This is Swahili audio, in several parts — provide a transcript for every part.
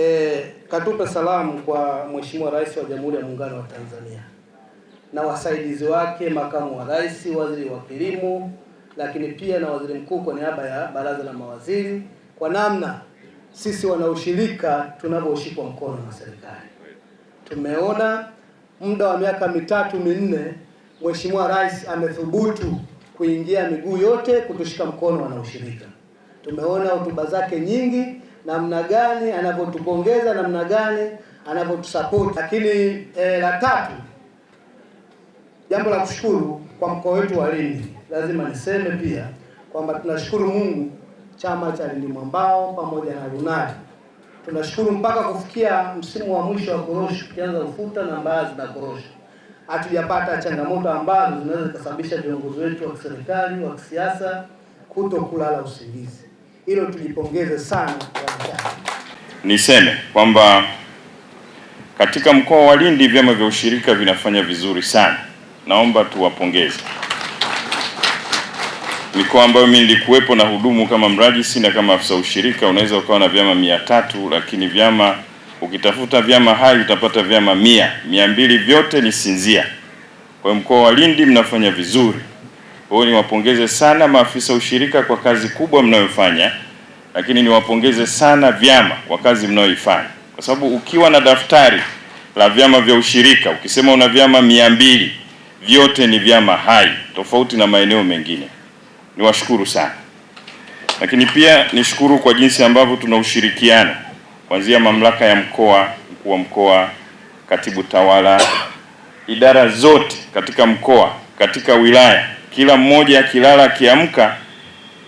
e, katupe salamu kwa Mheshimiwa Rais wa Jamhuri ya Muungano wa Tanzania na wasaidizi wake, makamu wa rais, waziri wa kilimo, lakini pia na waziri mkuu kwa niaba ya baraza la mawaziri, kwa namna sisi wanaoshirika tunavyoshikwa mkono na serikali. Tumeona muda wa miaka mitatu minne, Mheshimiwa Rais amethubutu kuingia miguu yote kutushika mkono wanaoshirika Tumeona hotuba zake nyingi namna gani anavyotupongeza, namna gani anavyotusapoti. Lakini e, la tatu, jambo la kushukuru kwa mkoa wetu wa Lindi, lazima niseme pia kwamba tunashukuru Mungu, chama cha Lindi Mwambao pamoja na Runali tunashukuru mpaka kufikia msimu wa mwisho wa korosho, tukianza kufuta na mbaazi na korosho, hatujapata changamoto ambazo zinaweza zikasababisha viongozi wetu wa kiserikali wa kisiasa kuto kulala usingizi hilo tulipongeze sana. Niseme kwamba katika mkoa wa Lindi vyama vya ushirika vinafanya vizuri sana, naomba tuwapongeze. Mikoa ambayo mimi nilikuwepo na hudumu kama mrajisi na kama afisa ushirika, unaweza ukawa na vyama mia tatu, lakini vyama ukitafuta vyama hai utapata vyama mia mia mbili, vyote ni Sinzia. Kwa hiyo mkoa wa Lindi mnafanya vizuri. Kwa hiyo niwapongeze sana maafisa ushirika kwa kazi kubwa mnayofanya, lakini niwapongeze sana vyama kwa kazi mnayoifanya, kwa sababu ukiwa na daftari la vyama vya ushirika ukisema una vyama mia mbili vyote ni vyama hai, tofauti na maeneo mengine. Niwashukuru sana, lakini pia nishukuru kwa jinsi ambavyo tuna ushirikiano kuanzia mamlaka ya mkoa, mkuu wa mkoa, katibu tawala, idara zote katika mkoa, katika wilaya kila mmoja akilala akiamka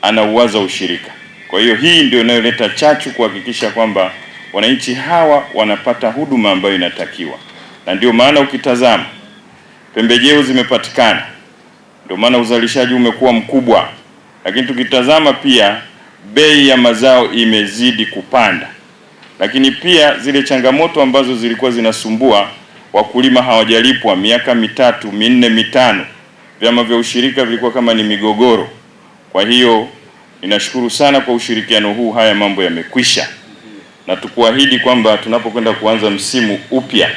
anauwaza ushirika. Kwa hiyo hii ndio inayoleta chachu kuhakikisha kwamba wananchi hawa wanapata huduma ambayo inatakiwa, na ndio maana ukitazama pembejeo zimepatikana, ndio maana uzalishaji umekuwa mkubwa, lakini tukitazama pia bei ya mazao imezidi kupanda, lakini pia zile changamoto ambazo zilikuwa zinasumbua wakulima hawajalipwa miaka mitatu minne mitano vyama vya ushirika vilikuwa kama ni migogoro. Kwa hiyo ninashukuru sana kwa ushirikiano huu, haya mambo yamekwisha, na tukuahidi kwamba tunapokwenda kuanza msimu upya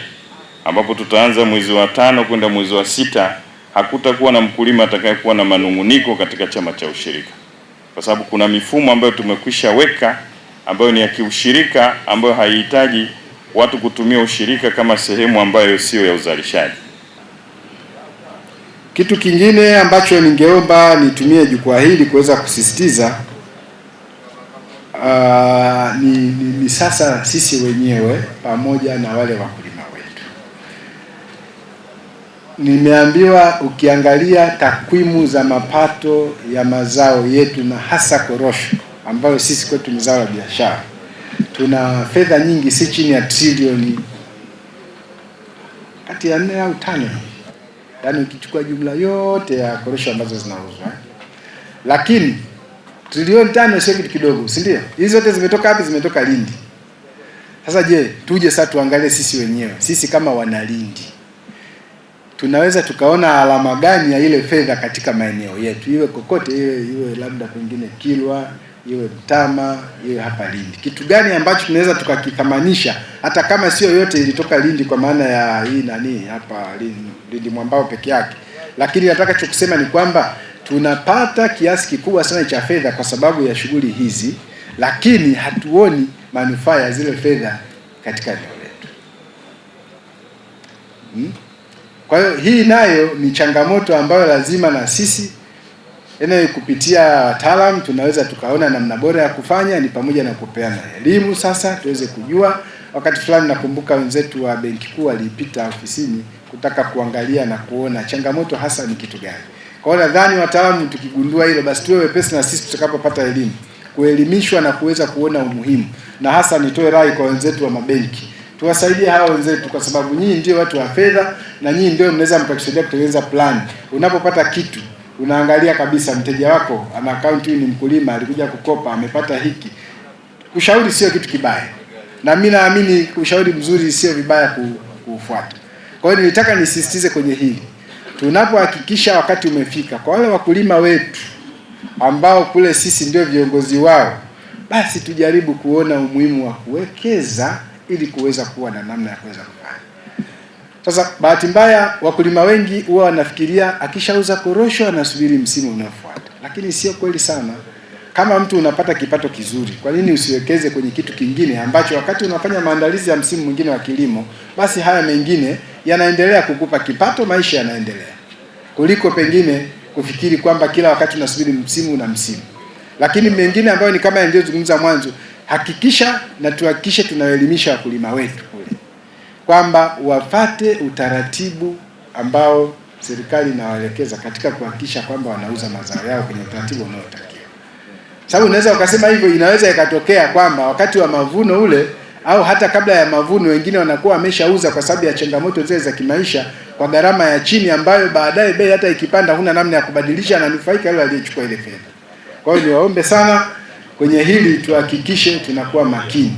ambapo tutaanza mwezi wa tano kwenda mwezi wa sita, hakutakuwa na mkulima atakayekuwa na manunguniko katika chama cha ushirika, kwa sababu kuna mifumo ambayo tumekwisha weka ambayo ni ya kiushirika ambayo haihitaji watu kutumia ushirika kama sehemu ambayo siyo ya uzalishaji. Kitu kingine ambacho ningeomba nitumie jukwaa hili kuweza kusisitiza ah, ni, ni, ni sasa sisi wenyewe pamoja na wale wakulima wetu. Nimeambiwa ukiangalia takwimu za mapato ya mazao yetu na hasa korosho ambayo sisi kwetu ni zao la biashara, tuna fedha nyingi, si chini ya trilioni kati ya nne au tano yaani ukichukua jumla yote ya korosho ambazo zinauzwa, lakini trilioni tano sio kitu kidogo, si ndio? Hizi zote zimetoka wapi? Zimetoka Lindi. Sasa je, tuje sasa tuangalie sisi wenyewe, sisi kama wana Lindi tunaweza tukaona alama gani ya ile fedha katika maeneo yetu, iwe kokote, iwe iwe labda pengine Kilwa, iwe Mtama, iwe hapa Lindi. Kitu gani ambacho tunaweza tukakithamanisha, hata kama sio yote ilitoka Lindi, kwa maana ya hii nani hapa Lindi, Lindi mwambao peke yake, lakini nataka chokusema ni kwamba tunapata kiasi kikubwa sana cha fedha kwa sababu ya shughuli hizi, lakini hatuoni manufaa ya zile fedha katika eneo letu hmm? Kwa hiyo hii nayo ni changamoto ambayo lazima na sisi ene kupitia wataalamu tunaweza tukaona namna bora ya kufanya, ni pamoja na kupeana elimu sasa tuweze kujua. Wakati fulani nakumbuka wenzetu wa Benki Kuu walipita ofisini kutaka kuangalia na kuona changamoto hasa ni kitu gani. Kwa hiyo nadhani wataalamu tukigundua hilo, basi tuwe wepesi na sisi tutakapopata elimu kuelimishwa na kuweza kuona umuhimu, na hasa nitoe rai kwa wenzetu wa mabenki tuwasaidie hawa wenzetu, kwa sababu nyinyi ndio watu wa fedha na nyinyi ndio mnaweza mkatusaidia kutengeneza plan. Unapopata kitu unaangalia kabisa mteja wako ana account, huyu ni mkulima, alikuja kukopa, amepata hiki. Kushauri sio kitu kibaya, na mimi naamini ushauri mzuri sio vibaya kuufuata. Kwa hiyo nilitaka nisisitize kwenye hili, tunapohakikisha wakati umefika kwa wale wakulima wetu ambao kule sisi ndio viongozi wao, basi tujaribu kuona umuhimu wa kuwekeza ili kuweza kuwa na namna ya kuweza kufanya. Sasa bahati mbaya, wakulima wengi huwa wanafikiria akishauza korosho anasubiri msimu unaofuata, lakini sio kweli sana. Kama mtu unapata kipato kizuri, kwa nini usiwekeze kwenye kitu kingine ambacho wakati unafanya maandalizi ya msimu mwingine wa kilimo, basi haya mengine yanaendelea kukupa kipato, maisha yanaendelea, kuliko pengine kufikiri kwamba kila wakati unasubiri msimu na msimu. Lakini mengine ambayo ni kama yaliyozungumza mwanzo hakikisha na tuhakikishe tunaelimisha wakulima wetu kule kwamba wafate utaratibu ambao serikali inawaelekeza katika kuhakikisha kwamba wanauza mazao yao kwenye utaratibu unaotakiwa. Sababu unaweza ukasema hivyo, inaweza ikatokea kwamba wakati wa mavuno ule au hata kabla ya mavuno wengine wanakuwa wameshauza kwa sababu ya changamoto zile za kimaisha kwa gharama ya chini, ambayo baadaye bei hata ikipanda huna namna ya kubadilisha, ananufaika yule aliyechukua ile fedha. Kwa hiyo niwaombe sana kwenye hili tuhakikishe tunakuwa makini.